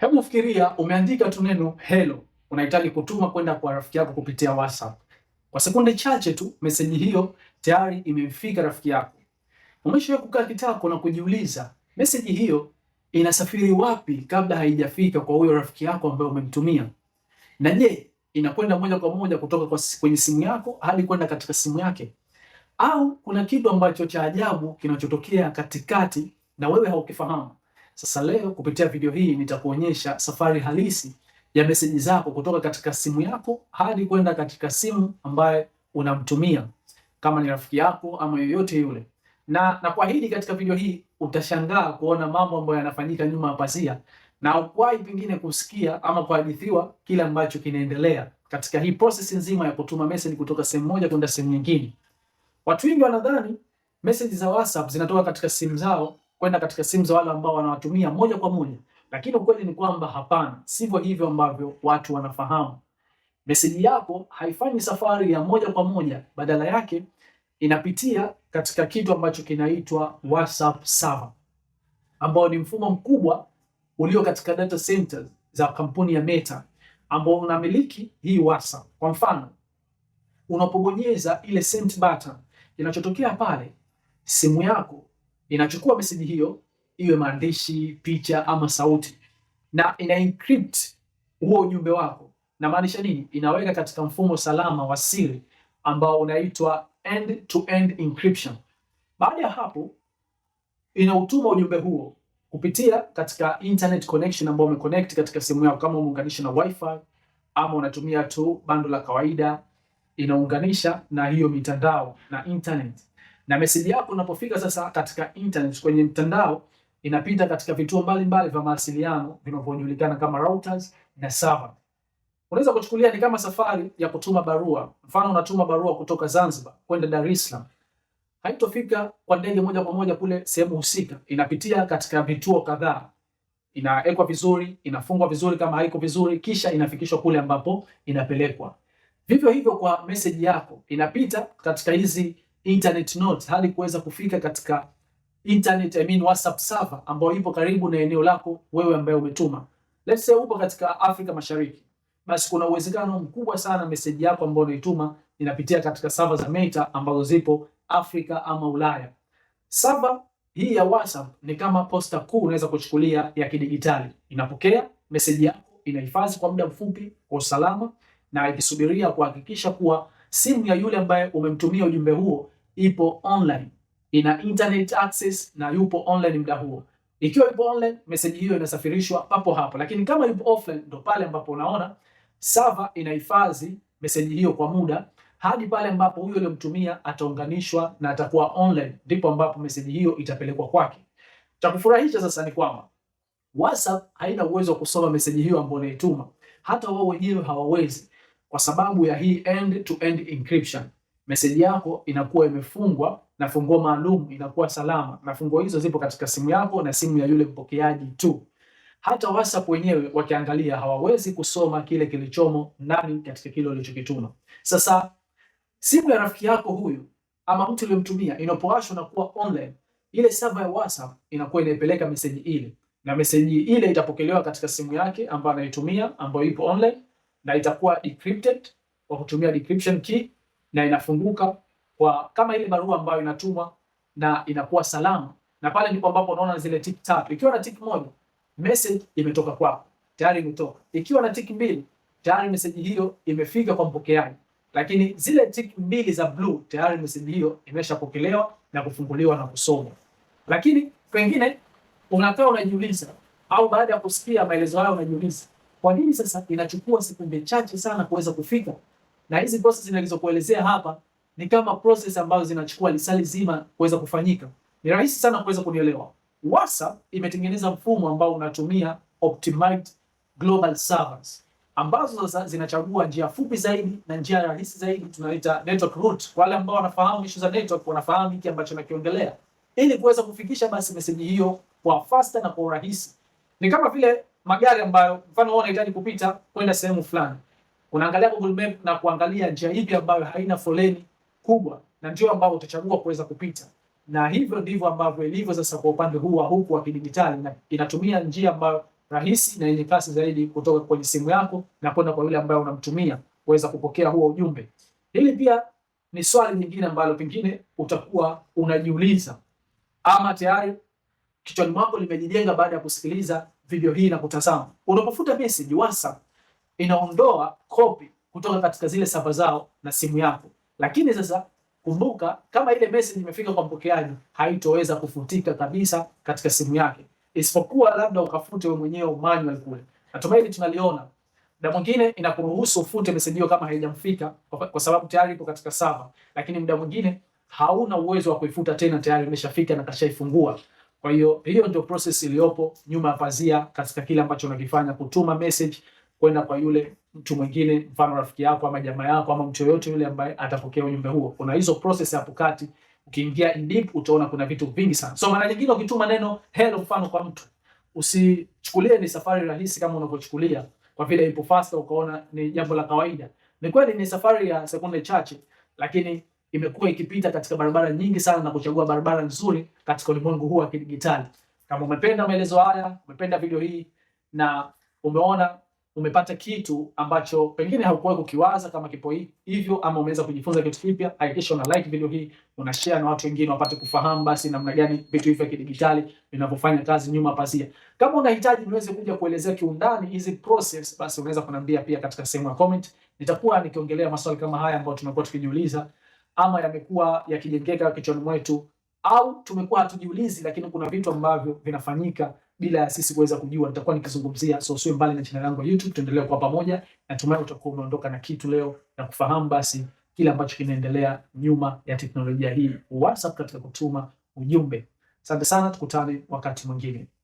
Hebu fikiria umeandika tu neno hello, unahitaji kutuma kwenda kwa rafiki yako kupitia WhatsApp. Kwa sekunde chache tu meseji hiyo tayari imemfika rafiki yako. Umeshawahi kukaa kitako na kujiuliza meseji hiyo inasafiri wapi kabla haijafika kwa huyo rafiki yako ambaye umemtumia? Na je, inakwenda moja kwa moja kutoka kwa kwenye simu yako hadi kwenda katika simu yake, au kuna kitu ambacho cha ajabu kinachotokea katikati na wewe haukifahamu? Sasa leo kupitia video hii nitakuonyesha safari halisi ya meseji zako kutoka katika simu yako hadi kwenda katika simu ambaye unamtumia kama ni rafiki yako ama yoyote yule, na na kuahidi katika video hii utashangaa kuona mambo ambayo yanafanyika nyuma ya pazia, na ukwahi pengine kusikia ama kuhadithiwa kile ambacho kinaendelea katika hii process nzima ya kutuma message kutoka sehemu moja kwenda sehemu nyingine. Watu wengi wanadhani message za WhatsApp zinatoka katika simu zao kwenda katika simu za wale ambao wanawatumia moja kwa moja, lakini ukweli ni kwamba hapana, sivyo hivyo ambavyo watu wanafahamu. Meseji yako haifanyi safari ya moja kwa moja, badala yake inapitia katika kitu ambacho kinaitwa WhatsApp server, ambao ni mfumo mkubwa ulio katika data centers za kampuni ya Meta ambao unamiliki hii WhatsApp. Kwa mfano, unapobonyeza ile send button, inachotokea pale simu yako inachukua message hiyo, iwe maandishi, picha ama sauti, na ina encrypt huo ujumbe wako. Na maanisha nini? Inaweka katika mfumo salama wa siri ambao unaitwa end to end encryption. Baada ya hapo, inautuma ujumbe huo kupitia katika internet connection ambao umeconnect katika simu yako, kama umeunganisha na wifi ama unatumia tu bando la kawaida, inaunganisha na hiyo mitandao na internet na meseji yako unapofika sasa katika internet, kwenye mtandao inapita katika vituo mbalimbali vya mawasiliano vinavyojulikana kama routers na server. Unaweza kuchukulia ni kama safari ya kutuma barua. Mfano, unatuma barua kutoka Zanzibar kwenda Dar es Salaam, haitofika kwa ndege moja kwa moja kule sehemu husika, inapitia katika vituo kadhaa, inawekwa vizuri, inafungwa vizuri kama haiko vizuri, kisha inafikishwa kule ambapo inapelekwa. Vivyo hivyo kwa meseji yako inapita katika hizi internet nodes hadi kuweza kufika katika internet, I mean WhatsApp server ambayo ipo karibu na eneo lako wewe ambaye umetuma. Let's say upo katika Afrika Mashariki, basi kuna uwezekano mkubwa sana message yako ambayo unaituma inapitia katika server za Meta ambazo zipo Afrika ama Ulaya. Server hii ya WhatsApp ni kama posta kuu unaweza kuchukulia ya kidigitali, inapokea message yako, inahifadhi kwa muda mfupi kwa usalama na ikisubiria kuhakikisha kuwa simu ya yule ambaye umemtumia ujumbe huo ipo online, ina internet access na yupo online muda huo. Ikiwa ipo online, message hiyo inasafirishwa papo hapo, lakini kama yupo offline, ndo pale ambapo unaona server inahifadhi message hiyo kwa muda hadi pale ambapo huyo aliyomtumia ataunganishwa na atakuwa online, ndipo ambapo message hiyo itapelekwa kwake. Cha kufurahisha sasa ni kwamba WhatsApp haina uwezo wa kusoma message hiyo ambayo unaituma, hata wao wenyewe hawawezi kwa sababu ya hii end to end encryption, message yako inakuwa imefungwa na funguo maalum, inakuwa salama, na funguo hizo zipo katika simu yako na simu ya yule mpokeaji tu. Hata WhatsApp wenyewe wakiangalia hawawezi kusoma kile kilichomo ndani katika kile ulichokituma. Sasa simu ya rafiki yako huyu ama mtu uliyemtumia inapowashwa na kuwa online, ile server ya WhatsApp inakuwa inaipeleka message ile, na message ile itapokelewa katika simu yake ambayo anaitumia ambayo ipo online na itakuwa decrypted kwa kutumia decryption key na inafunguka kwa kama ile barua ambayo inatumwa na inakuwa salama, na pale ndipo ambapo unaona zile tick tatu. Ikiwa na tick moja, message imetoka kwako tayari imetoka. Ikiwa na tick mbili, tayari message hiyo imefika kwa mpokeaji, lakini zile tick mbili za blue, tayari message hiyo imeshapokelewa na kufunguliwa na kusomwa. Lakini pengine unakaa unajiuliza, au baada ya kusikia maelezo hayo unajiuliza kwa nini sasa inachukua sekunde chache sana kuweza kufika? Na hizi process zinazokuelezea hapa ni kama process ambazo zinachukua lisali zima kuweza kufanyika. Ni rahisi sana kuweza kunielewa. WhatsApp imetengeneza mfumo ambao unatumia optimized global servers ambazo sasa zinachagua njia fupi zaidi na njia rahisi zaidi, tunaita network route. Wale ambao wanafahamu issue za network wanafahamu hiki ambacho nakiongelea, ili kuweza kufikisha basi message hiyo kwa faster na kwa urahisi. Ni kama vile magari ambayo mfano wewe unahitaji kupita kwenda sehemu fulani, unaangalia Google Map na kuangalia njia ipi ambayo haina foleni kubwa, na ndio ambayo utachagua kuweza kupita. Na hivyo ndivyo ambavyo ilivyo sasa kwa upande huu wa huku wa kidijitali, na inatumia njia ambayo rahisi na yenye kasi zaidi kutoka kwenye simu yako na kwenda kwa yule ambaye unamtumia kuweza kupokea huo ujumbe. Hili pia ni swali lingine ambalo pengine utakuwa unajiuliza ama tayari kichwani mwako limejijenga baada ya kusikiliza video hii na kutazama. Unapofuta message WhatsApp inaondoa copy kutoka katika zile sava zao na simu yako, lakini sasa kumbuka, kama ile message imefika kwa mpokeaji, haitoweza kufutika kabisa katika simu yake, isipokuwa labda ukafute wewe mwenyewe manual kule. Natumai Natumaini tunaliona Na mwingine inakuruhusu ufute message hiyo kama haijamfika kwa, sababu tayari iko katika sava, lakini muda mwingine hauna uwezo wa kuifuta tena, tayari imeshafika na kashaifungua. Kwa hiyo hiyo ndio process iliyopo nyuma ya pazia katika kile ambacho unakifanya, kutuma message kwenda kwa yule mtu mwingine, mfano rafiki yako ama jamaa yako ama mtu yoyote yule ambaye atapokea ujumbe huo. Kuna hizo process hapo kati, ukiingia in deep utaona kuna vitu vingi sana. So mara nyingine ukituma neno hello, mfano kwa mtu, usichukulie ni safari rahisi kama unavyochukulia kwa vile ipo fasta ukaona ni jambo la kawaida. Ni kweli ni safari ya sekunde chache, lakini imekuwa ikipita katika barabara nyingi sana na kuchagua barabara nzuri katika ulimwengu huu wa kidijitali. Kama umependa maelezo haya, umependa video hii na umeona umepata kitu ambacho pengine haukuwahi kukiwaza kama kipo hivyo, ama umeweza kujifunza kitu kipya, hakikisha una like video hii, una share na watu wengine wapate kufahamu basi namna gani vitu hivi vya kidijitali vinavyofanya kazi nyuma pazia. Kama unahitaji niweze kuja kuelezea kiundani hizi process, basi unaweza kuniambia pia katika sehemu ya comment. Nitakuwa nikiongelea maswali kama haya ambayo tumekuwa tukijiuliza ama yamekuwa yakijengeka kichwani mwetu au tumekuwa hatujiulizi, lakini kuna vitu ambavyo vinafanyika bila ya sisi kuweza kujua. Nitakuwa nikizungumzia, so usiwe mbali na channel yangu ya YouTube, tuendelee kwa pamoja. Natumai utakuwa umeondoka na kitu leo na kufahamu basi kile ambacho kinaendelea nyuma ya teknolojia hii WhatsApp katika kutuma ujumbe. Asante sana, tukutane wakati mwingine.